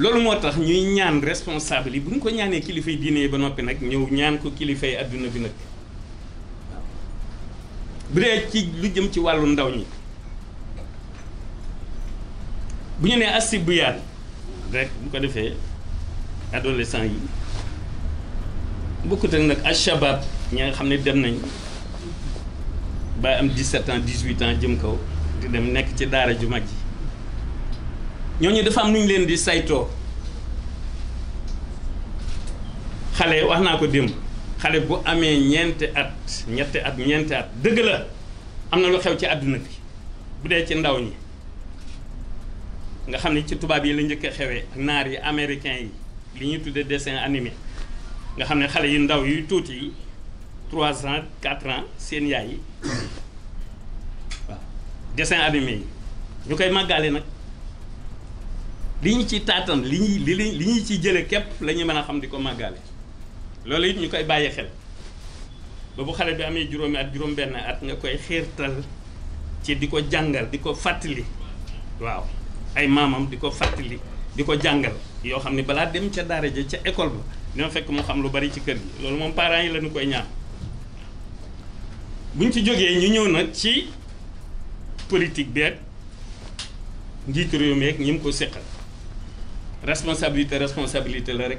loolu moo tax ñuy ñaan responsable yi bu ñu ko ñaanee kilifay diine yi ba noppi nag ñëw ñaan ko kilifay àdduna bi nag bu dee ci lu jëm ci wàllu ndaw ñi bu ñu nee asibiyaan rek bu ko defee adolescent yi bokkut ak nag ashabab ñi nga xam ne dem nañ ba am 17 ans 18 ans jëm kaw di dem nekk ci daara ju mag ji ñooñu dafa am nu ñu leen di saytoo xale wax naa ko démb xale bu amee ñeenti at ñetti at ñeenti at dëgg la am na lu xew ci àdduna bi bu dee ci ndaw ñi nga xam ne ci tubaab yi la njëkk a xewee ak naar yi americain yi li ñuy tuddee desin animé nga xam ne xale yu ndaw yuy tuuti yi trois ans quatre ans seen yaay yi waaw dessin animé yi ñu koy màggaale nag li ñu ci taatan li ñuy li li ñu ciy jële képp lañu ñuy mën a xam di ko màggaale lolé it ñu bayé xel ba bu xalé bi amé juroomi at juroom ben at nga koy ci di ko diko di waaw ay mamam di fatali diko di yo xamni bala dem ci daara ja ca école ba dina fekk mu xam lu bari ci kër gi lolou mom parents yi la ñu koy ñaan buñ ci joggé ñu ñëw nak ci politique bi ak réew mi ak ñim ko sékkal responsabilité responsabilité la rek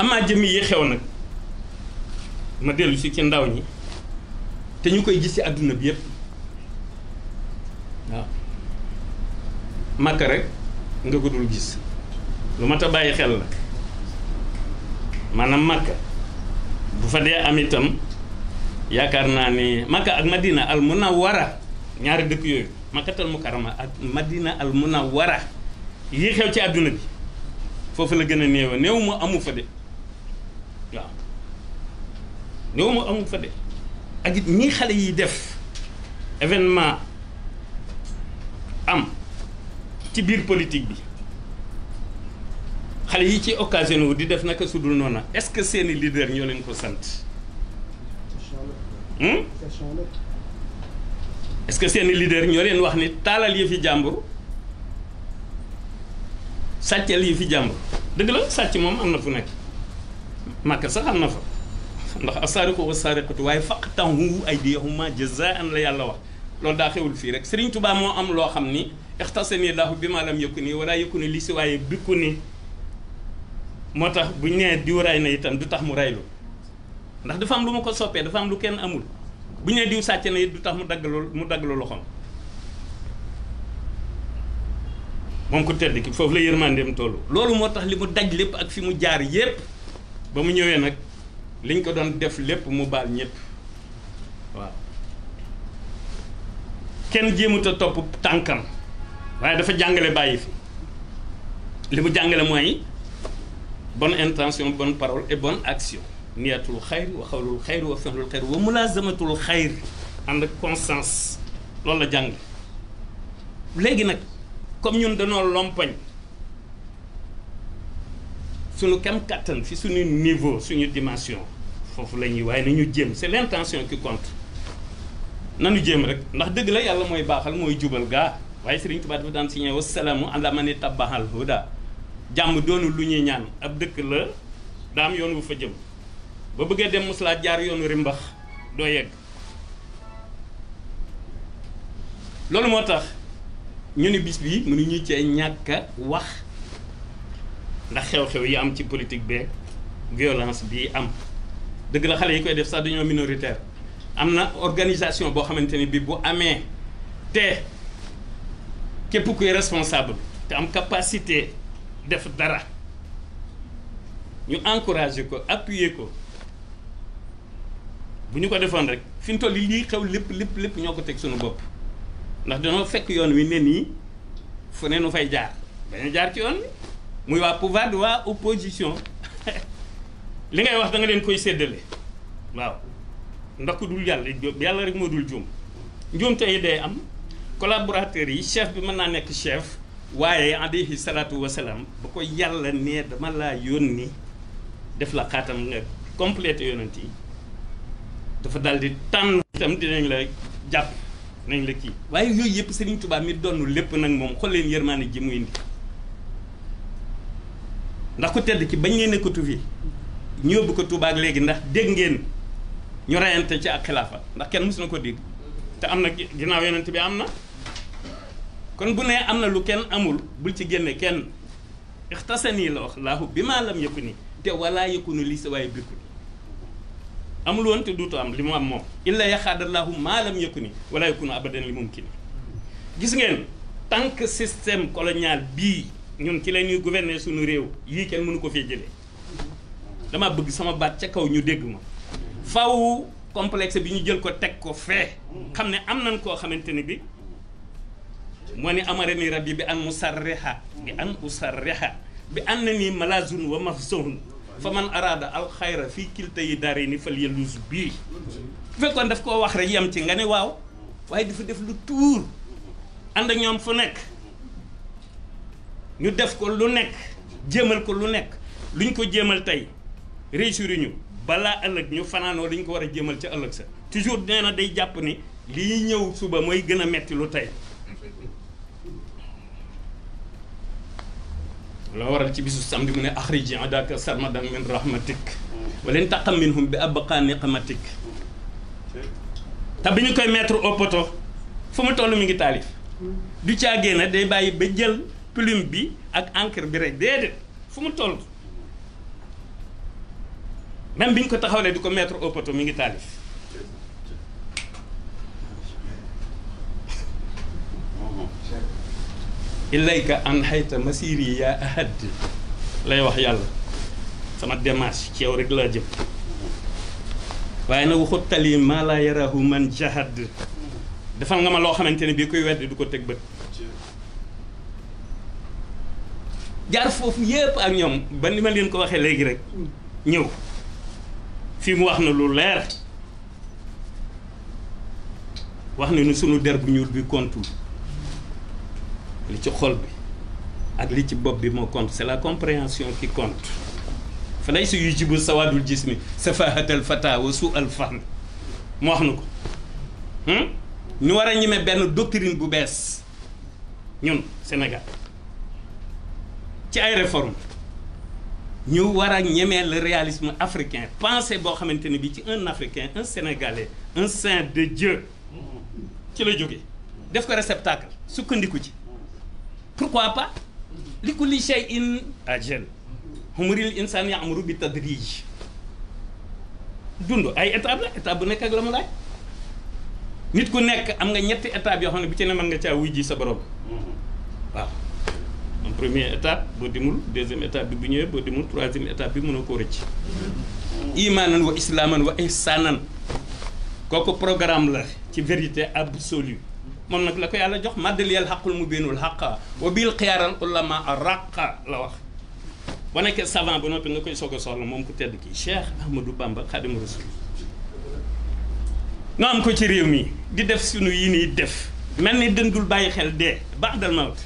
amaa jëmm yi xew nag ma dellusi si ci ndaw ñi te ñu koy gis ci àdduna bi yëpp waaw makka rek nga ko dul gis lu mat a bàyyi xel la maanaam makka bu fa dee am yaakaar naa ni makka ak madina al munawwara ñaari dëkk yooyu makkatal mukarrama ak madina al munawwara yi xew ci àdduna bi foofu la gën a néew néew mu amu fa de. néew ma amul fa de ak it xale yi def événement am ci biir politique bi xale yi ci occasion wu di def naka su dul noona est-ce que seeni leader ñoo leen ko sant hmm? est-ce que seeni leader ñoo leen wax ni taalal yi fi jàmbur sàccal yi fi jàmbur dëgg la sàcc moom am na fu nekk màkk sax am na fa ndax asaariqu wa saariqatu waaye faqta'u aydiyahuma jazaan la yàlla wax loolu daa xewul fii rek Serigne Touba moo am loo xam ni ixtasani laahu bi ma lam yëkku nii wala yëkku ni li si waaye bikku ni moo tax buñ nee diw ray na itam du tax mu raylu ndax dafa am lu ma ko soppee dafa am lu kenn amul bu ñu nee diw sàcc na it du tax mu dagg loolu mu dagg loolu loxoom moom ko tedd ki foofu la yërmandeem tollu loolu moo tax li mu daj lépp ak fi mu jaar yépp ba mu ñëwee nag liñ ko doon def lépp mu baal ñépp waaw kenn jéemut topp tànkam waaye dafa jàngale bàyyi fi li mu jàngale mooy bon intention bonne parole et bonne action niyatul xayri wa xawlul xayri wa fi'lul xayri wa mulazamatul xayri ànd conscience loolu la jàng léegi nag comme ñun dañoo lompañ suñu kam kàttan fi suñu niveau suñu dimension foofu la ñuy waaye ñu jéem c'est l'intention qui compte nanu jéem rek ndax dëgg la yàlla mooy baaxal mooy jubal gaa waaye Sëriñ Tuubaa dafa daan signé wasalaamu ala ni tabahal huda jàmm doonu lu ñuy ñaan ab dëkk la daam yoon wu fa jëm ba bëggee dem mosulaa jaar yoonu rimbax doo yegg loolu moo tax ñu ni bis bi mënuñu cee ñàkk a wax ndax xew-xew yi am ci politique beeg violence bi am dëgg la xale yi koy def sax dañoo minoritaire am na organisation boo xamante ni bi bu amee te képp kuy responsable te am capacité def dara ñu encourager ko appuyer ko bu ñu ko defoon rek fi mu toll li xew lépp lépp lépp ñoo ko teg suñu bopp ndax dañoo fekk yoon wi ne nii fu ne nu fay jaar dañu jaar ci yoon wi muy waa pouvoir waa opposition li ngay wax danga leen koy séddale waaw ndax ku dul yàlla yàlla rek moo dul juum njuumte yi day am collaborateurs yi chef bi mën naa nekk chef waaye alayhi salaatu wasalaam ba ko yàlla ne dama laa yónni def la xaatam nga complété yonent yi dafa daal di tànn itam dinañ la jàpp nañ la kii waaye yooyu yëpp Serigne Touba mi donn lépp nag moom xool leen yërmaane ji muy indi ndax ku tedd ki bañ ne nekkatu fi ñu yóbbu ko Touba ak léegi ndax dégg ngeen ñu reyante ci ak xilaafa ndax kenn mës na ko dégg te am na ginnaaw yonent bi am na kon bu nee am na lu kenn amul bul ci génne kenn ixtasani la wax laahu bi maa lam yëkku nii te walaa yëkkunu lii sa waaye bikku nii amul woon te duutu am li mu am moom illa yaxaadallaahu maa lam yëkku nii walaa yëkkunu abadan li mumkin gis ngeen tant que système colonial bii ñun ci lay ñuy gouverner suñu réew yii kenn mënu ko fee jëlee dama bëgg sama baat ca kaw ñu dégg ma faw complexe bi ñu jël ko teg ko fee xam ne am nañ koo xamante ni bi moo ni amara ni rabbi bi an musarriha bi an usarriha bi an na ni malazun wa mafzun fa man araada alxayra fii kilta yi dare ni fal yelus bii fekkoon daf koo wax rek yam ci nga ne waaw waaye dafa def lu tuur ànd ak ñoom fu nekk ñu def ko lu nekk jéemal ko lu nekk luñ ko jéemal tey réussir ñu balaa ëllëg ñu fanaanoo li ko war a jéemal ca ëllëg sa toujours nee na day jàpp ni lii ñëw suba mooy gën a metti lu tey loo waral ci bisu samedi mu ne axriji adaka sarmadan min rahmatik waleen taqam minhum bi abqa niqmatik te bi ñu koy mettre au poto fu mu toll mi ngi taalif du caagee na day bàyyi ba jël plume bi ak encre bi rek dede fu mu toll même biñ ko taxawlee diko mettre au poteau mi ngi talif ilayka an hayta masiri ya ahad lay wax yalla sama démarche ci yow rek la jëm waye na waxu tali ma la yarahu man jahad defal nga ma lo xamanteni bi koy wedd diko tek beut jaar foofu yépp ak ñoom ba ni ma leen ko waxee léegi rek ñëw fi mu wax na lu leer wax na ni sunu der bu ñuul bi kontul li ci xol bi ak li ci bopp bi moo compte c'est la compréhension qui compte fa lay si yuy jibu sawadul jismi safahatal fata wa su al fahmi mu wax na ko ñu hmm? war a ñemee benn doctrine bu bees ñun Sénégal ci ay réformes ñu war a ñemee la réalisme africain pensée boo xamante ne bi ci un africain un sénégalais un saint de Dieu ci la jógee def ko réceptacle sukkandiku ci pourquoi pas li kulli shay'in ajal humuril insan ya'muru bi tadrij dund ay étape la étape bu nekk ak la mu laaj nit ku nekk am nga ñetti étape yoo xam ne bu ci ne mën nga caa wuy ji sa borom première étape boo deuxième étape bi bu ñëwee boo demul troisième étape bi mënoo rëcc. imaanan wa islaman wa ihsaanan koko programme la ci vérité absolue mom nak la ko yalla jox maddaliyal xaqul mu mubinul xaqa wa bil xiyaaral ulama arqa la wax ba nekkee savant ba noppi nga koy soog soxla ku tedd ki Cheikh Ahmadou Bamba Xadim Rasul nga am ko ci réew mi di def sunu yi nii def melni dëndul bàyyi xel dee baax mawt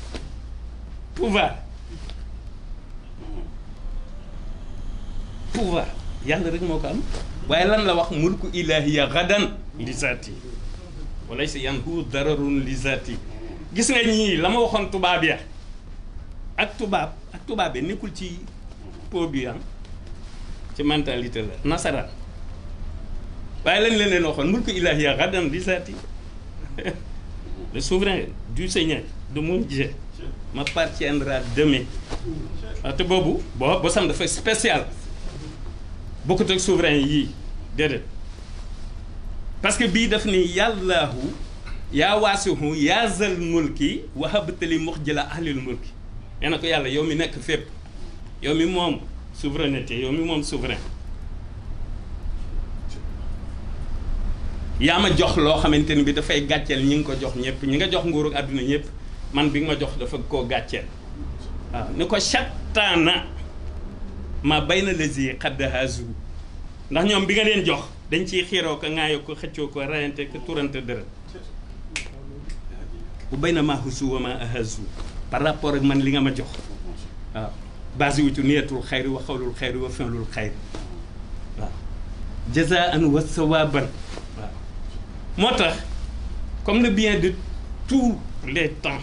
pouvoir pouvoir Yalla rek il am lan la wax mulku ilahiya gadan yanhu dararun Lizati. gis nga ñi la waxon waxoon tubaab ak tubaab ak ci po ah. ci mentalité la mulku ilahiya gadan Lizati. le souverain du seigneur de mon Dieu Ma m'appartiendra demain ah, te boobu bo bosam dafa spécial Beaucoup de souverains yii déedéet parce que bi daf ni yàllaahu yaa waasihu yaa zal mulki wahabtali muxjila ahlil mulki nee ko yàlla yow mi nekk fépp yow mi moom souveraineté yow mi moom souverain Yama ma jox loo xamante ni bi dafay gàcceel ñi nga jox ñëpp ñi nga jox nguuru àdduna ñëpp man bi nga ma jox dafa koo gàcceel waaw ni ko na ma bay na lesi xaddahaasu ndax ñoom bi nga leen jox dañ ciy xiiroo ko ŋaayoo ko xëccoo ko rayante ko turante dërët bu bay na maa husu ma ahasu par rapport ak man li nga ma jox waaw basi wutu niyatul xayri wa xawlul xayri waaw jazaan wa sawaban waaw moo tax comme le bien de tous les temps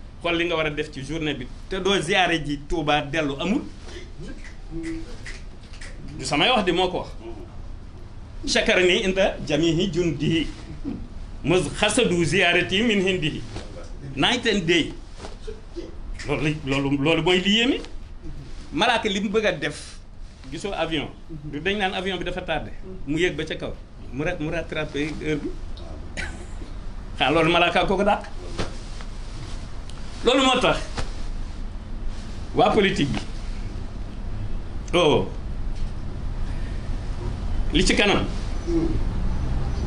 xool li nga war a def ci journée bi te doo ziare ji Touba dellu amul samay wax di moo ko wax chakar nii inta jamihi jundihi mos xasadu ziarati min hindihi night and day loolu loolu mooy li yéeme malaaka li mu bëgg a def gisoo avion du dañ naan avion bi dafa tardé mu yéeg ba ca kaw mu ra mu rattrapé heure xaa loolu malaaka kooku dàq loolu moo tax waa politique bi oh li ci kanam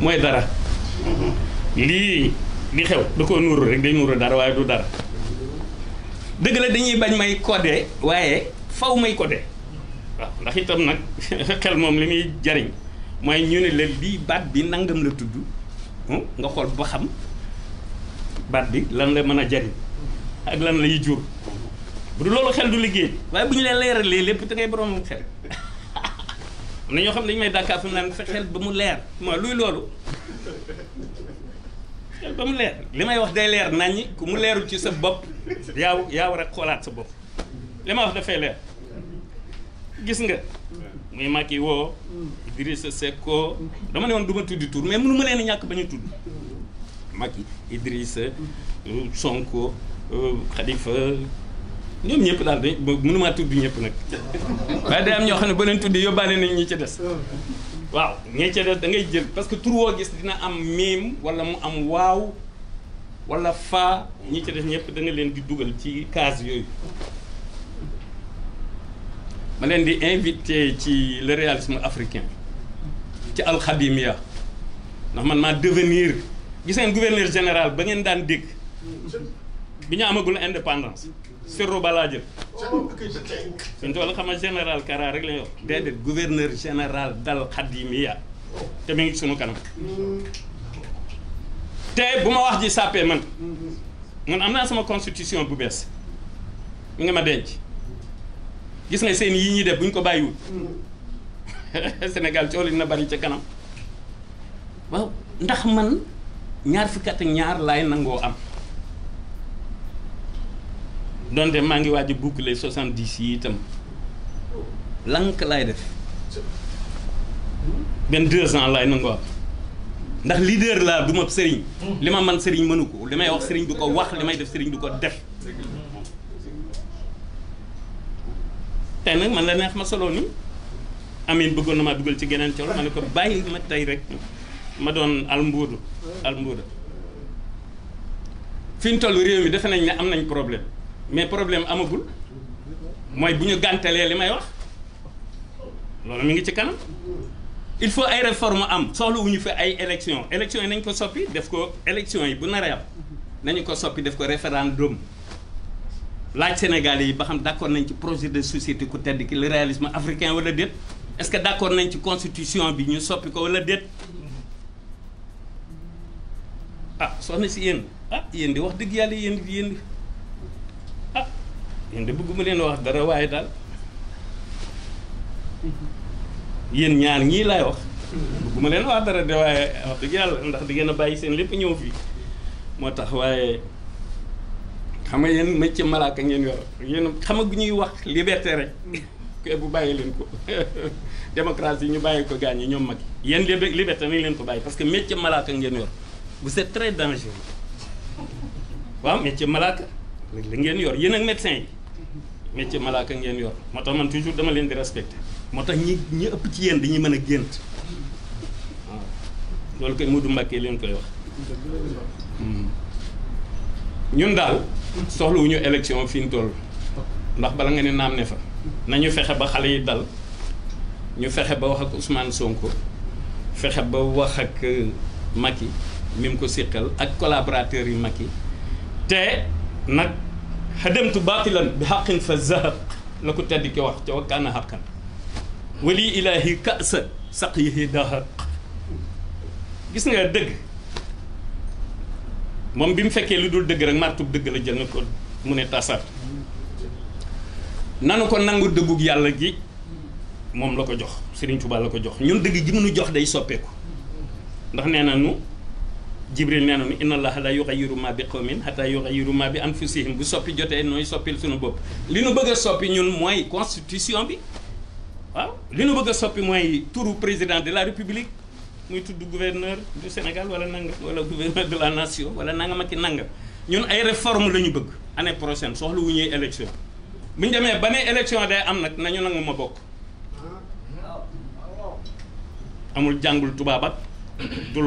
mooy dara lii li xew da koo nuuru rek day nuuru dara waaye du dara dëgg la dañuy bañ may codé waaye faw may codé waaw ndax itam nag xel moom li muy jariñ mooy ñu ne bi baat bi nangam la tudd hmm, nga xool ba xam baat bi lan la mën a jariñ ak lan lay jur bu du loolu xel du liggéey waaye bu ñu leen leeralee lépp dangay ngay xel am na ñoo xam ne dañu may dàkkaat fi mu naan xel ba mu leer ma luy loolu xel ba mu leer li may wax day leer naññi ku mu leerul ci sa bopp yaa yaa war a xoolaat sa bopp li ma wax dafay leer gis nga muy yi woo Idrissa Seck woo dama ne woon du ma tuddi tur mais mënu ma leen ñàkk ba ñu tudd Macky Idrissa Sonko Oh, Khalifa ñom ñep dal day am nañ ñi ci waaw ñi ci da ngay parce que tout le gis dina am mim, wala mu am waaw wala fa ñi ci leen di ci ma leen di invité ci le réalisme africain ci Khadimia, ndax man ma devenir gis ngeen gouverneur général ba ngeen daan biñu ñu amagul indépendance sirru balaa jël suñ tool xama général Kara rek lay wax gouverneur général dal khadimia. Ya. te mi ngi sunu kanam te buma wax ji sapé man man amna sama constitution bu bess mi nga ma denc gis nga seen yi ñi def buñ ko bayiwu Sénégal ci na bari ci kanam waaw ndax man ñaar fukat ak ñaar lay nango am donte ma ngi waji boucler 70 yi itam lank lay def ben 2 ans lay nango ndax leader la duma serigne lima man serigne manuko limay wax serigne duko wax limay def serigne duko def tey man la neex ma solo ni amin beugona ma duggal ci geneen col maniko baye ma tay rek ma don al mbourou al mbourou fiñ tolu rew mi def nañ ne am nañ problème mais problème amagul moy buñu ñu limay wax lolu mi ngi ci kanam il faut ay réforme am soxlu wuñu fi ay élection élection yi nañ ko soppi def ko élection yi bu naree am nañu ko soppi def ko référendum laaj Sénégal yi ba xam d'accord nañ ci projet de société ku tedd ki le réalisme africain wala déet est-ce que d'accord nañ ci constitution bi ñu soppi ko wala déet ah soxna si yéen ah yéen di wax dëgg yàlla yéen yéen yéen de bëgguma leen wax dara waaye daal yéen ñaar ñii lay wax bëgguma leen wax dara de waaye wax dëgg yàlla ndax di ngeen a bàyyi seen lépp ñëw fii moo tax waaye xam nga yéen malaaka ngeen yor yéen xam nga bu ñuy wax liberté rek kër bu bàyyi leen ko démocratie ñu bàyyi ko gaañ yi ñoom mag yéen liberté nañ leen ko bàyyi parce que métier malaaka ngeen yor bu c'est très dangereux waaw métier malaaka la ngeen yor yéen ak médecin yi métier malaka ngeen yor motax man toujours dama len di respecter motax ñi ñi ëpp ci yeen dañuy mëna gënt lolou kay modou mbacké len koy wax hmm. ñun dal soxlu wuñu élection fiñ toll ndax bala nga ni naam ne fa nañu fexé ba xalé yi dal ñu fexé ba wax ak Ousmane Sonko fexé ba wax ak euh, Macky mim ko sikkal ak collaborateur yi Macky té nak xadamtu batilan bi xaqin fa zahab la ko tedd ki wax ca wakkaana xaqan wali ilaahi kasa saq yihi dahaq gis nga dëgg moom bi mu fekkee lu dul dëgg rek martub dëgg la jël na ko mu ne tasaat nanu ko nangu dëggug yàlla gi moom la ko jox Serigne Touba la ko jox ñun dëgg ji mënu jox day soppeeku ndax nee na nu jibril neenu inna allaha la yughayyiru ma biqawmin hatta yughayyiru ma bi anfusihim bu soppi jotee noy soppil sunu bop li nu bëgg soppi ñun moy constitution bi wa li nu bëgg soppi moy turu président de la république muy tuddu gouverneur du sénégal wala nang wala gouverneur de la nation wala nangam ak nang ñun ay réforme lañu ñu bëgg année prochaine soxlu wu ñuy élection buñ démé bané élection day am nak nañu nang ma bok amul jangul tubabat ak du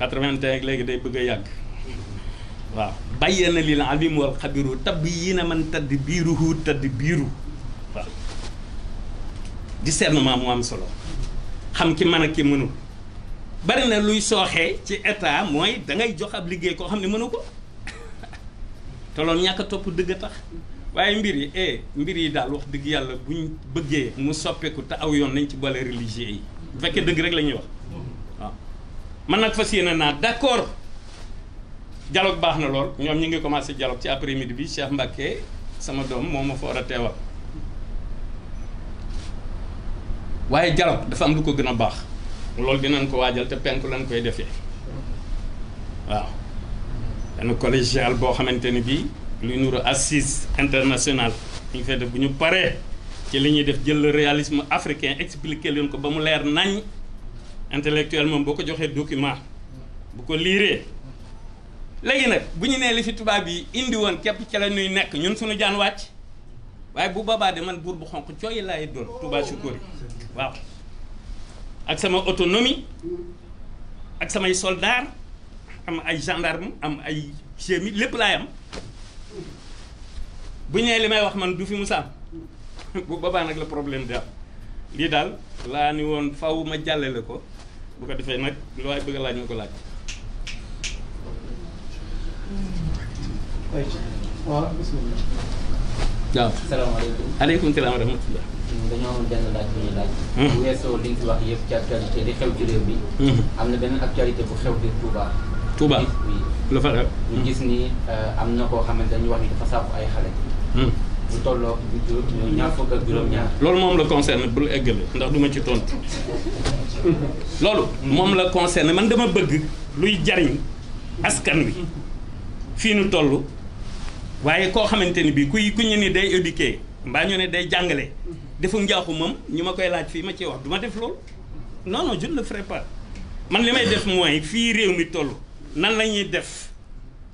81 ak léegi day bëgg a yàgg waaw bayyana lil alim wal xabiru tabyina man tadbiruhu tadbiru waaw discernement mu am solo xam ki mën ak ki mënul bari na luy sooxee ci état mooy da ngay jox ab liggéey ko te loolu dëgg tax mbir yi eh mbir yi daal wax dëgg yàlla buñ bëggee mu soppeeku te aw yoon nañ ci boole religieux yi dëgg rek wax man nag fas na d'accord dialog accord na lol ñoom ñu ngi commencé dialog ci après midi bi Cheikh Mbacké sama dom moma fo ra téwa waye dialog dafa am lu ko gëna bax lol dinañ ko wajal te penku lañ koy défé waaw dañu collégial bo xamanteni bi lu luy nuru assise international ñu fay def bu ñu ci liñuy def jël le réalisme africain expliquer leen ko ba mu nañ intellectuel moom boo ko joxee document bu ko liiree léegi nag bu ñu nee li fi tubaab yi indi woon képp ca la ñuy nekk ñun suñu jaan wàcc waaye bu boobaa de man buur bu xonq cooy laay doon Touba Choukouri waaw ak sama autonomie ak samay soldat am ay gendarme am ay gémi lépp laay am bu ñëwee li may wax man du fi musaam bu boobaa nag la problème di lii daal laa ni woon faw ma jàllale ko bu ko defee nag lu waay bëgg laaj nga ko laaj. waaw bisimilah. waaw salaamaaleykum. aleykum salaam wa rahmatulah. dañoo benn laaj bu laaj. Hmm. bu li nga fi wax di xew ci hmm. am na benn actualité bu xew biir Touba. Touba lu fa xew. gis ni euh, am na koo xamante dañu wax ni dafa sàpp ay xale. Hmm. Gitu, lu tolok ñaar fukk ak juróom ñaar loolu Lolo, la concerne bul eggale ndax duma ci tontu loolu moom la concerne man dama bëgg luy jariñ askan wi fii nu toll waaye koo xamante bi kuy ku ñu day éduquer mbaa ñu ne day jàngale defu njaaxu moom ñu ma koy laaj fii ma ciy wax duma def loolu non non je ne le ferai pas man li def mooy fii réew mi toll nan la def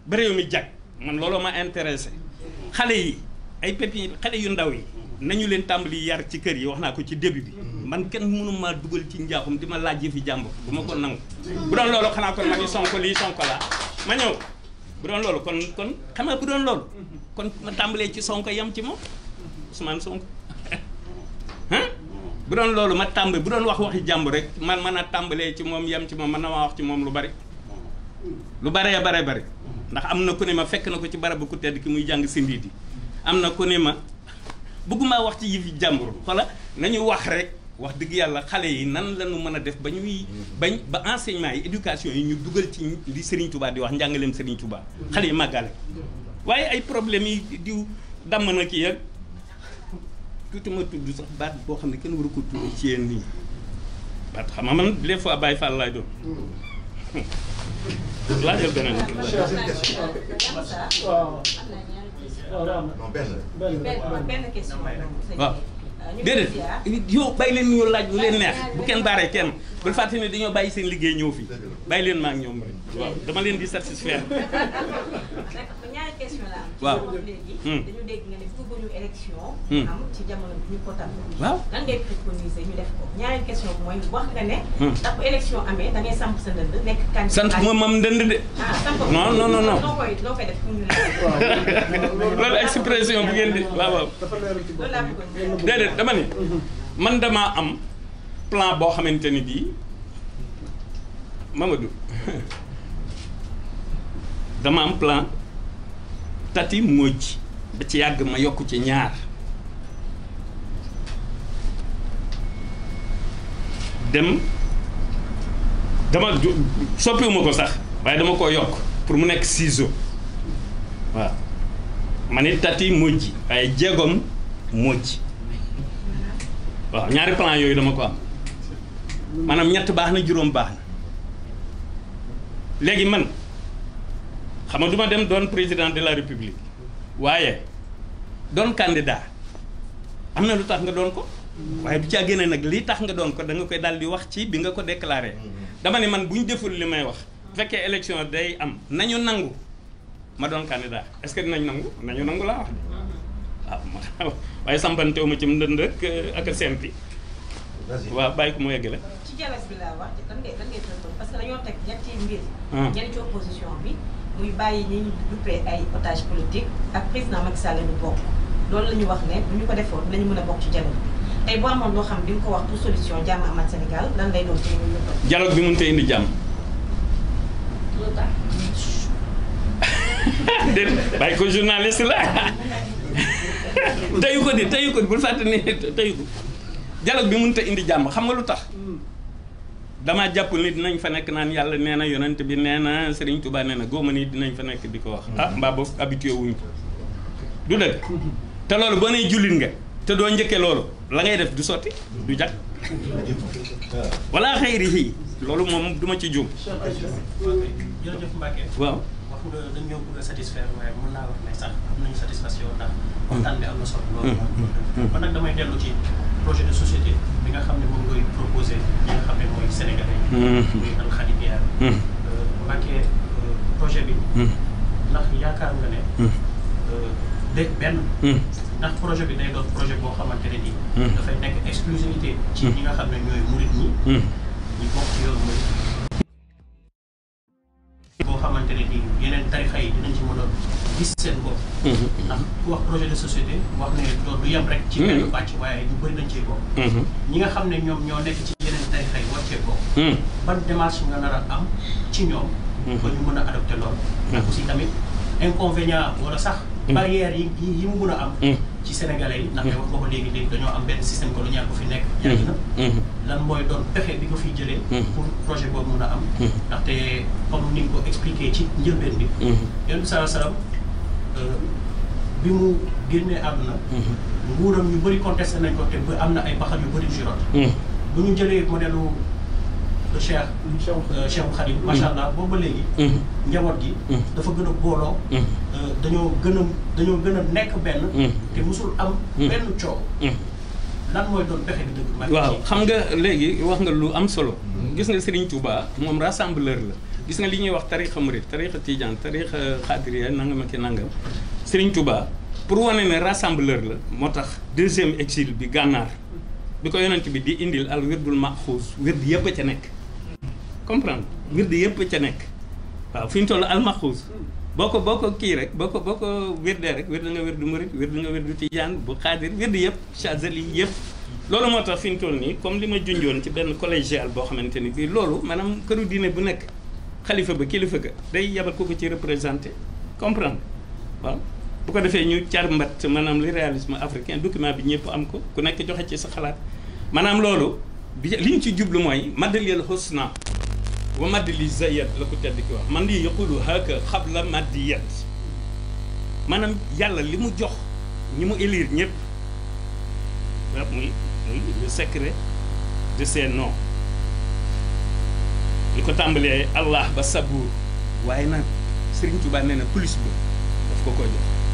ba réew mi jag man loolu ma intéressé xale yi ay pépinière xale yu ndaw yi nañu leen tàmbali yar ci kër yi wax naa ko ci début bi man kenn mënu maa dugal ci njaaxum di ma laaj fi jàmbur bu ma ko nangu bu doon loolu xanaa kon sonko lii sonko laa ma ñëw bu doon loolu kon kon xanaa bu kon ma tàmbalee ci sonko yam ci moom Ousmane Sonko bu loolu ma tàmbali bu doon wax waxi jàmbur man mën a tàmbalee ci moom yam ci moom mën na maa ci moom lu bari lu baree bare bari ndax am na ku ne ma fekk na ko ci barab bu ku tedd ki muy jàng si ndiit yi am na ku ne ma bëgguma wax ci yëfi jàmbur xoola nañu wax rek wax dëgg yàlla xale yi nan la ñu mën a def ba ñuy mm-hmm. bañ ba enseignement yi éducation yi ñu dugal ci li Serigne Touba di wax njàngaleem Serigne Touba mm-hmm. xale yi màggale waaye ay problème yi diw damm na kii ak tuuti ma tudd sax baat boo xam ne kenn waru ko tudd ci yéen nii baat xam nga man des fois Baye fa laay doon. Mm-hmm. laajal beneen non benn. benn question. waaw déedéet yow bàyyi leen ñu laaj bu leen neex bu kenn baaree kenn bul fàttali ne dañoo bàyyi seen liggéey ñëw fii bàyyi leen ma ak ñoom rek waaw dama leen di satisfaire. waaw hmm. dañu dégg hmm. jamono bi waaw lan ngay ñaari question mooy wax nga ne hmm. ndax bu élection amee samp sa ndënd nekk candidat sant ma mam ndënd de ah, non non loolu expression bu ngeen di waaw waaw déedéet dama ni man damaa am plan boo xamante ni bii Mamadou dama am plan tati mujj ba ci yàgg ma yokk ci ñaar dem dama soppiwuma ko sax waaye dama ko yokk pour mu nekk ciseau waaw ma ni tati mujj waaye jéegom mujj waaw ñaari plan yooyu dama ko am maanaam ñett baax na juróom baax na léegi man xam nga du ma dem doon président de la république waaye doon candidat am na lu tax nga doon ko. waaye du caa génne nag lii tax nga doon ko da koy daal di wax ci bi nga ko déclaré. dama ne man bu ñu deful li may wax. bu fekkee élection day am nañu nangu ma doon candidat est-ce nangu nañu nangu laa wax de ah, waaye sampantewu ma ci ndënd ak ak bi waaw bàyyi ko mu yeggale. ci muy bàyyi ñi ñu duppee ay otage politique ak président Macky Sall ñu bokk loolu la ñu wax ne bu ñu ko defoon dinañu mën a bokk ci dialogue bi tey boo xam di nga ko wax solution jàmm amaat Sénégal lan lay doon ci bi mënut a indi jàmm. déet bàyyi ko journaliste la teyu ko di teyu ko di bul fàtte ne teyu ko bi mënut a indi jàmm xam nga lu tax. Hmm. damaa jàpp ni dinañ fa nekk naan yàlla nee na yonent bi nee na Serigne Touba nee na góoma nii dinañ fa nekk di ko wax ah mbaa boobu habitué wuñ ko du dëgg te loolu boo nee jullit nga te doo njëkkee loolu la ngay def du sotti du jag wala xëyri yi loolu moom duma ma ci juum jërëjëf Mbacke waaw wax nga dañ a satisfaire projet de société bi nga xam ne moom ngay proposé li nga xam ne mooy sénégalais yi. Mm-hmm. muy Al Khadimiyyah. Mm-hmm. Euh, Mbacké euh, bi. Mm-hmm. ndax yaakaar nga ne. Euh, dëgg benn. ndax projet bi day doon projet boo xamante ne nii. dafay nekk exclusivité ci nga xam ne ñooy murit ñi. ñi bokk ci yoon murit. ku wax projet de société wax ne loolu du yem rek. ci benn hmm. pàcc waaye ñu bëri nañ cee bokk. Hmm. ñi nga xam ne ñoom ñoo nekk ci yeneen tarixa yi war cee bokk. Hmm. ban démarche nga nar a am ci ñoom. ba ñu mën a adopté lool ak aussi tamit inconvénient wala sax. barrière yi yi mu mën a am. ci sénégalais yi. ndax wax nga ko léegi léegi dañoo am benn système colonial bu fi nekk. yàgg na lan mooy doon pexe bi ko fi jëlee. pour projet boobu mën a am. ndaxte comme ni nga ko expliqué ci njëlbeen bi. yéen bi li mu génnee àdduna. Mhm. nguuram ñu bëri contesté nañ ko te ba am na ay baxal yu bëri yu si rot. Mhm. bu ñu jëlee modèle lu euh, Cheikh. Cheikh euh, Khadim. Mhm. macha allah boobu ba léegi. njaboot gi. dafa gën a booloo. Euh, dañoo gën a dañoo gën a nekk benn. te musul am. benn coow. lan mooy doon pexe bi dëgg. waaw xam nga léegi wax nga lu am solo. gis nga Serigne Touba moom rassembleur la. gis nga li ñuy wax tarixa murid tarixa tijaan tarixa xaadiriya nangam ak nangam Serigne Touba pour wane ne rassembleur la moo tax deuxième exil bi gànnaar bi ko yonent bi di indil al wirdul maxuus wird yëpp ca nekk comprendre wird yëpp ca nekk waaw fi ñu toll al maxuus boo ko boo ko kii rek boo ko boo ko wirdee rek wird nga wirdu murit wird nga wirdu tijaan bu xaadir wird yëpp chazeli yëpp loolu moo tax fi ñu toll nii comme li ma junjoon ci benn collégial boo xamante ni bii loolu maanaam këru diine bu nekk xalifa ba kilifa ga day yabal ko ko ci représenté comprendre waaw bu ko defee ñu càmbat maanaam li réalisme africain document bi ñëpp am ko ku nekk joxe ci sa xalaat maanaam loolu bi li ñu ci jublu mooy maddalil husna wa maddali zayat la ko tedd ki wax man lii di yaqulu haka xabla maddiyat maanaam yàlla li mu jox ñi mu élire ñëpp wa muy muy le secret de ses noms li ko tàmbalee allah ba sabuur waaye nag Sëriñ Tuubaa nee na plus ba ko ko jox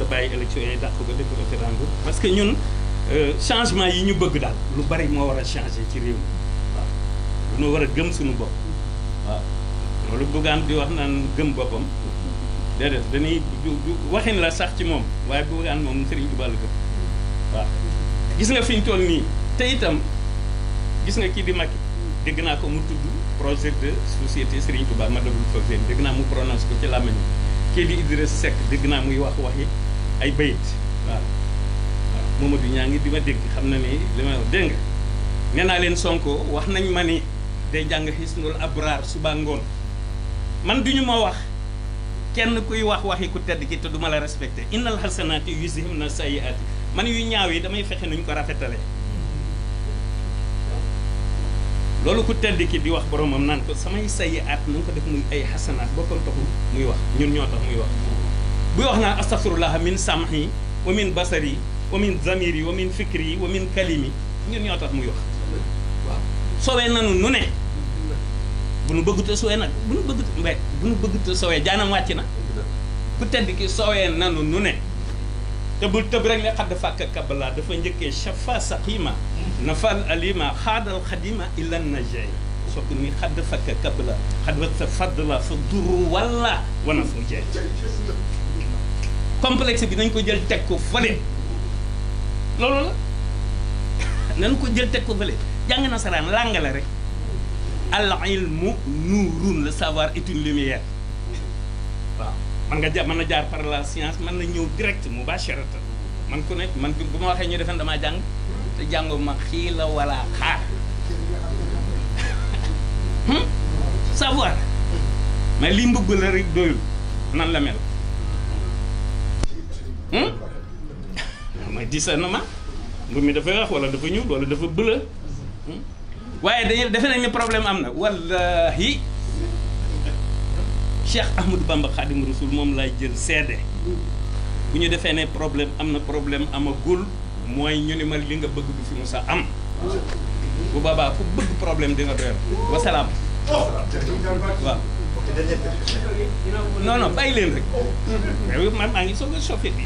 te bàyyi élection yi dàq ko def référendum parce que ñun euh, changement yi ñu bëgg daal lu bari moo war a changer ci réew mi waaw dañoo war a gëm suñu bopp waaw loolu Bougane di wax naan gëm boppam déedéet dañuy waxin la sax ci moom waaye Bougane moom Serigne Touba la gëm waaw gis nga fi ñu toll nii te itam gis nga kii di Macky dégg naa ko mu tudd projet de société Serigne Touba ma déglu fa dégg naa mu prononce ko ci làmmiñ kii di Idrissa Seck dégg naa muy wax waxi ay bayit waaw waaw Mamadou Niang di ma dégg xam na ni li ma wax dégg nee naa leen sonk wax nañ ma ni day jàng xisnul abraar suba ngoon man duñu ma wax kenn kuy wax waxi ku tedd ki te du ma la respecté na xasanaati at sayyiaati man yu ñaaw yi damay fexe nuñ ko rafetale loolu ku tedd ki di wax boromam naan ko samay sayyiaat at nga ko def muy ay xasanaat boppam taxul muy wax ñun ñoo tax muy wax buy wax naan astafirullah min samhi wa min basari wa min zamiri wa min fikri wa min kalimi ñun ñoo tax muy wax waaw soowee nanu nu ne bu nu bëgg te soowee nag bu nu bëgg te bu nu bëgg te soowee jaanam wàcc na ku tedd ki soowee nanu nu ne te bul tëb rek ne xadd fàkk kabala dafa njëkkee shafa saqima nafal alima xaadal xadima illa najay sokk ni xadd fàkk kabala xadd wa tafaddala fa duru walla wana fu jeex complexe bi nañ ko jël tek ko fele lolou la nañ ko jël tek ko jang na saran lang la rek al ilmu nurun le savoir est une lumière waaw man nga ja man na jaar par la science man na ñew direct mu bacharatan man ko nek man buma waxe ñu defen dama jang te jango ma xila wala kha hmm savoir mais li mbugul rek doyul nan la mel ma na ma mbir mi dafa weex wala dafa ñuul wala dafa bëla hmm? waaye dañu defe nañ ne problème am na wallahi Cheikh Ahmadou Bamba Khadim Rasoul moom laay jël seede bu ñu defee ne problème am na problème amagul mooy ñu ni ma li nga bëgg du fi musa am bu boobaa ku bëgg problème di nga doyal wasalaam oh. waaw non non bàyyi leen rek mais man ngi soog a chauffé bi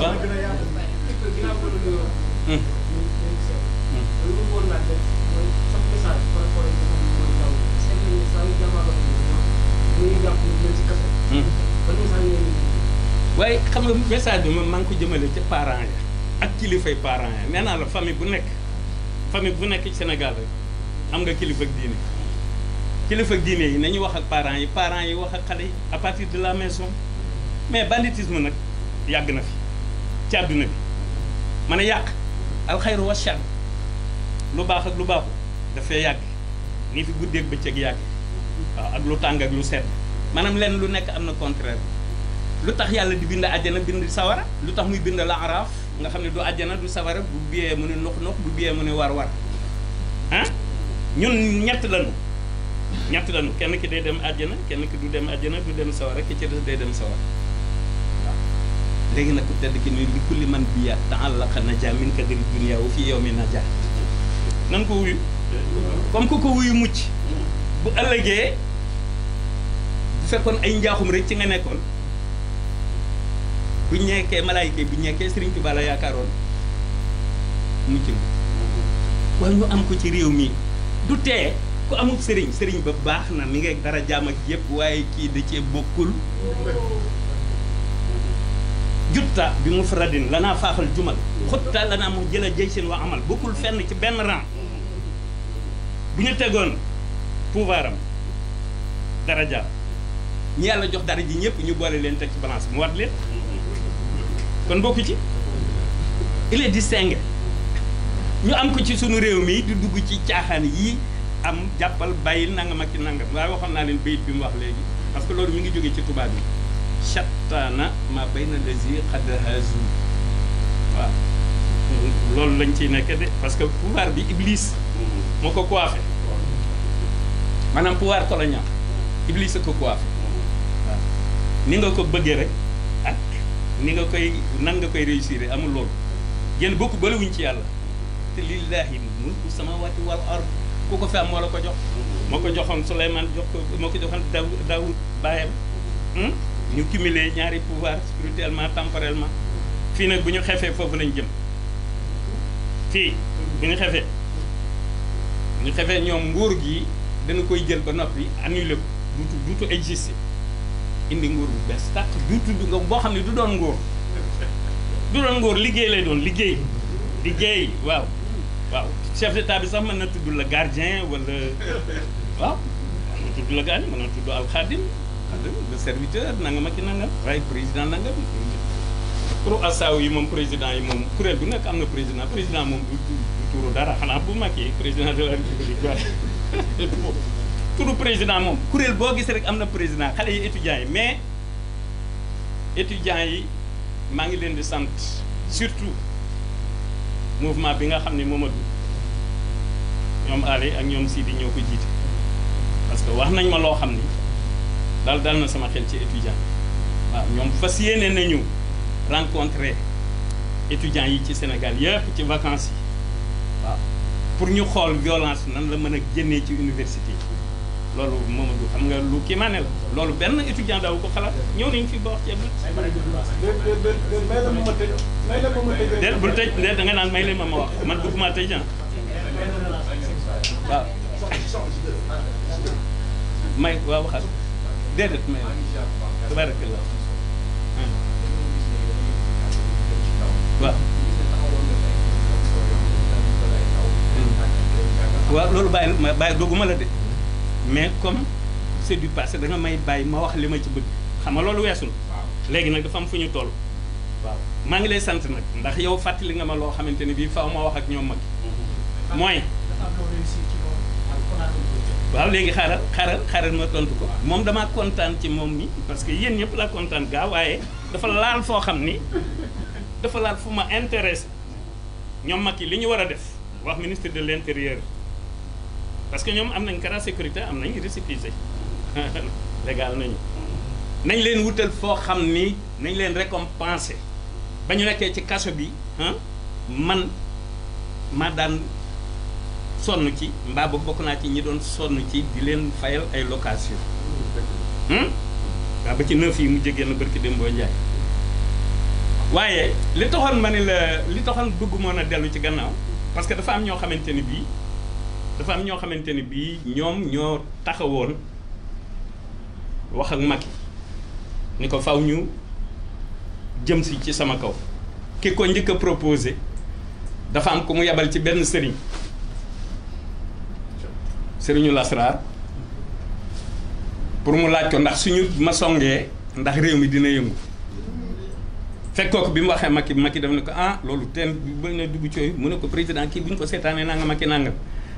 waaw. Hmm. Hmm. waaye xam nga bi man maa ko jëmale ci parent ya ak kilifay parent ya nee naa la famille bu nekk famille bu nekk ci Sénégal rek. am nga kilifa ak diine kilifa ak diine yi nañu wax ak parents yi parents yi wax ak xale yi à partir de la maison mais banditisme nag yàgg na fi càdduna àdduna bi man a yàq alxayru wa lu baax ak lu baaxu dafay yàgg nii fi guddeeg bëccëg yàgg waaw ak lu tàng ak lu sedd maanaam leen lu nekk am na contraire lu tax yàlla di bind àjjana bind sawara lu tax muy bind la araaf nga xam ne du àjjana du sawara bu biyee mu ne nux nux bu biyee mu ne war war ah ñun ñett lañu ñett lañu kenn ki day dem aljana kenn ki du dem aljana du dem sawara ki ci des day dem sawara waaw nak tedd ki ni li kulli man bi yaa taallaqa naja min dir dunia wu fi yow najah nan ko wuyu comme ko ko wuyu mucc bu ëllëgee bu fekkon ay njaaxum rek ci nga nekkon bu ñeké malaayika bu ñeké serigne touba la yaakaaroon mucc wa ñu am ko ci rew mi du tee ku amul sëriñ sëriñ ba baax na mi ngi dara jaam ak yëpp waaye kii da cee bokkul jutta bi mu mufradin lanaa faaxal jumal xutta lanaa mu jëla jëy seen waa amal bokkul fenn ci benn rang bu ñu tegoon pouvoir am daraja ñi yàlla jox dara ji ñëpp ñu boole leen teg ci balance mu wat leen kon bokku ci il di distingué ñu am ko ci suñu réew mi di dugg ci caaxaan yi am jàppal bàyyi nangam ak nangam waaye waxoon naa leen bayit bi mu wax léegi parce que loolu mi ngi jóge ci tubaab bi shattana ma bayna lazi qad hazu waaw loolu lañ ciy nekk de parce que pouvoir bi iblis moo ko coiffé maanaam pouvoir colonial iblis ko coiffé ni nga ko bëggee rek ak ni nga koy nang nga koy réussir amul loolu yéen bokk bëlewuñ ci yàlla te lillaahi mulku samaawaati wal ard ku ko fi am moo la ko jox moo ko joxoon Souleymane jox ko moo ko joxoon Daw Daoud baayam hmm? ñu cumulé ñaari pouvoir spirituellement temporellement fii nag bu ñu xefee foofu lañu jëm fii bu ñu xefee ñu xefee ñoom nguur gi dana koy jël ba noppi annulé ko duutu duutu existé indi nguur bu bees tàq duutu nga boo xam ne du doon nguur du doon nguur liggéey lay doon liggéey liggéey waaw waaw chef d'état bi sax mën na tudd la gardien wala waaw mën na tudd la gardien mën na tudd alxadim xadim le serviteur nangam ak i waaye président nangam pour asaaw yi moom président yi moom kuréel bu nekk am na président président moom du turu dara xanaa bu Macky président de la république waaye turu président moom kuréel boo gis rek am na président xale yi étudiants yi mais étudiants yi maa ngi leen di sant surtout mouvement bi nga xam ne Momadou ñoom Ali ak ñoom di ñoo ko jiite parce que wax nañ ma loo xam ni daal dal na sama xel ci étudiant waaw ñoom fas yéene nañu rencontrer étudiants yi ci Sénégal yëpp ci vacances yi waaw pour ñu xool violence nan la mën a génnee ci université yi loolu moom xam nga lu kii maa loolu benn étudiant daaw ko xalaat ñëw nañu fi ba wax ceeb bi. may la ma ma tëj may la ma ma tëj. déet bul tëj déet da naan may la ma ma wax man bëgguma tëj ah. waaw may waaw waxal déedéet may la tabarakallah waaw. waaw loolu bàyyi bàyyi mais comme c'est du passé da nga may bay ma wax li ci bëgg xam nga loolu wessul légui nak dafa am fuñu ñu toll waaw ma ngi lay sante nak ndax yow fatali nga ma lo xamanteni bi bii faaw ma wax ak ñoom mag moy waaw légui xaaral xaaral xaaral ma tontu ko mom dama kontaan ci mom mi parce que yeen ñëpp la kontaan ga waye dafa laal fo xamni dafa laal fuma ma intéressé ñoom mag li ñu wara def wax ministre de l'intérieur parce que ñoom am nañ carte sécurité am nañ récépissé légal nañu nañ leen wutal foo xam ni nañ leen récompenser ba ñu nekkee ci kaso bi man ma daan sonn ci mbaa ba bokk naa ci ñi doon sonn ci di leen fayal ay location hmm? waaw ba ci neuf yi mu jege na barki Demba Ndiaye waaye li taxoon ma ni la li taxoon bëgg moon a dellu ci gannaaw parce que dafa am ñoo xamante ni bii dafa am ñoo xamante ni bii ñoom ñoo taxawoon wax ak Macky ni ko faw ñu jëm si ci sama kaw ki ko njëkk a dafa am ko mu yabal ci benn sëriñ sëriñu lasraar pour mu laaj ko ndax suñu ma songee ndax réew mi dina yëngu fekk bi mu waxee Macky Macky daf ne ko ah loolu teen bu bëri na dugg cooy mu ne ko président kii bu ñu ko seetaanee nanga Macky nanga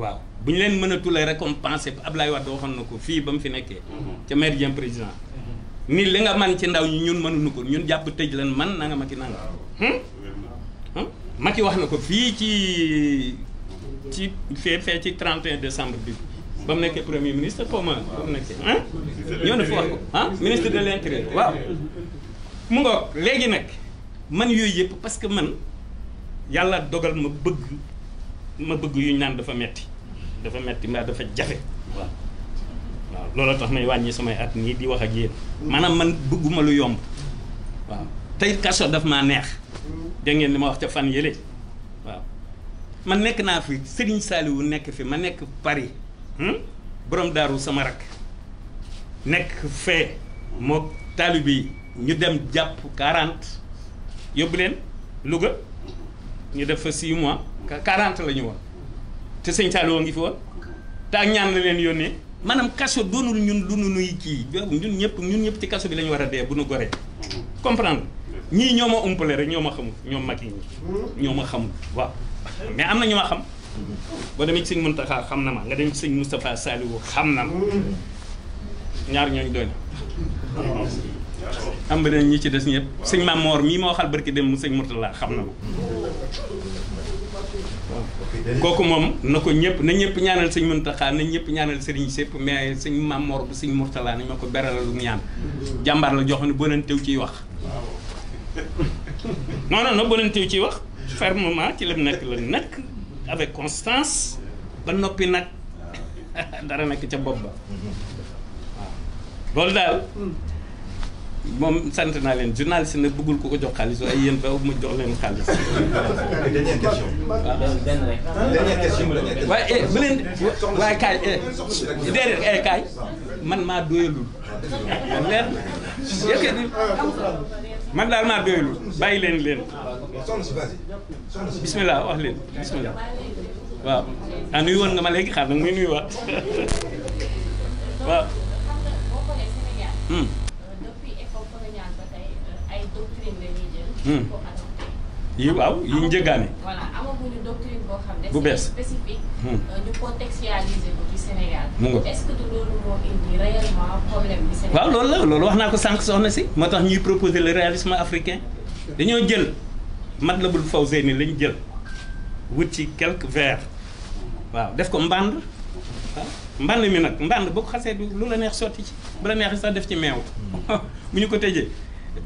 waaw bu ñu leen mënatulee récompenser Ablaye Wade waxoon na ko fii fi nekkee. Mhm. ca maire jëm président. Mhm. ni li nga man ci ndaw ñi ñun mënuñu ko ñun jàpp tëj lan man na nga Macky hmm? Hmm? wax décembre bi premier ministre xaw ma wax ko ministre de l' waaw. mu ngoog léegi nag man yooyu yëpp parce que man yàlla dogal ma bëgg dafa metti mbaa dafa jafé waaw loolu tax may wañi sama at ni di wax ak yeen manam mm. man bëgguma lu yomb waaw tay kasso daf mm. ma neex de ngeen lima wax ca fan yele waaw man nek na fi Serigne Saliou nek fi ma nek Paris hmm borom daru sama rak nek fe mo talibi ñu dem japp 40 yóbbu leen Louga ñu def fa 6 mois 40 lañu won te sëñ Saliou ngi fi woon te ak ñaan la leen yónnee maanaam kaso doonul ñun lu nu nuy kii ñun ñëpp ñun ñëpp ci kaso bi lañu war a dee bu nu goree comprendre ñii ñoo ma umpale rek ñoo ma xamul ñoom mag yi ñi ñoo ma xamul waaw mais am na ñu ma xam boo demee ci sëñ Mountakha xam na ma nga dem ci sëñ Moustapha xam na ma ñaar ñooñu doon am beneen ñu ci des ñëpp sëñ Mamor mii ma waxal barki dem mu sëñ xam na ma kooku moom na ko ñëpp na ñëpp ñaanal sëñ Muntaxa na ñëpp ñaanal sëriñ sépp mais sëñ Mamor bu sëñ Murtala nañ ma ko beralalu ñaan mm-hmm. jàmbaar la jox ne boo leen teew ciy wax non non non boo ciy wax fermement ci lam nekk la nekk avec constance ba noppi nag dara nekk ca bopp ba waaw mm-hmm. loolu daal mm-hmm. moom sant naa leen journaliste nag bëggul ko ko jox xaalis waaye yéen ba ma jox leen xaalis. dernière question. dernière eh, bu leen waaye kaay eh, déedéet eh, kaay man maa man maa doyalul bàyyi leen leen. bismillah wax leen bismillah waaw ah nuyu woon nga ma léegi xaar nag muy nuyuwaat waaw. Hmm. Hmm. yi waaw yi njëgaane. voilà amaguñu doctrine boo bu bees spécifique. Hmm. Euh, nga loolu waaw loolu la loolu wax naa ko sànq soxna si. moo tax ñuy proposé le réalisme africain dañoo jël mat la Matlabul Fawzayni lañu jël wut ci quelques vers waaw def ko mbànd waaw mbànd mi nag mbànd boo ko xasee du lu la neex sotti ci bu la neex sax def ci meew hmm. bu ñu ko tëjee.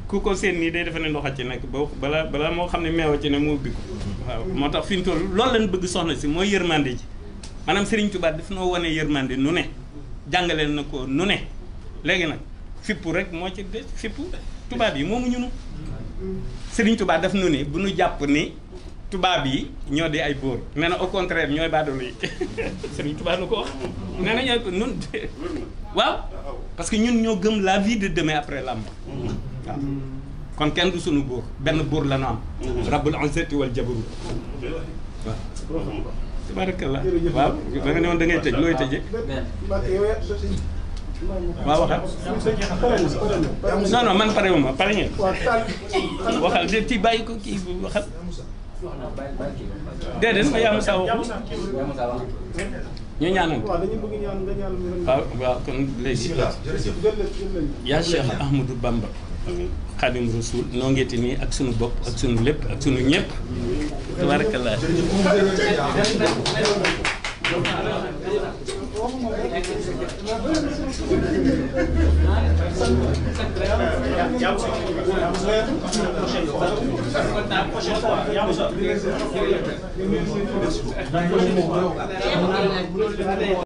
ku ko seen nii day defe ne ndox a ci nekk ba balaa balaa moo xam ne meew a ci ne mu ubbi ko waaw moo tax fi ñu toll loolu lañ bëgg soxna si mooy yërmande ji maanaam Serigne Touba daf noo wane yërmande nu ne jàngaleel na ko nu ne léegi nag fippu rek moo ci des fippu tubaab yi moomu ñu nu Serigne Touba daf nu bu nu jàpp ni tubaab yi ñoo di ay bóor nee na au contraire ñooy baadoolo yi Serigne Touba nu ko wax nee na ñooy nun waaw parce que ñun ñoo gëm la vie de demain après la waaw kon kenn du sunu buur benn buur la nu am. Mm-hmm. rabbul izzati wal jabarut waaw. Mm-hmm. tabarakallah waaw da nga ne woon da ngay tëj looy tëjee. waaw waxal. non non man pare wu ma pare ngeen. waxal de ci bàyyi ko kii waxal. déedéet ma yaamu saa waxu. ñu ñaanal. waaw waaw kon léegi. yaa Cheikh Ahmadou Bamba. xaadim rasul noo nii ak sunu bopp ak sunu lépp ak sunu ñëpp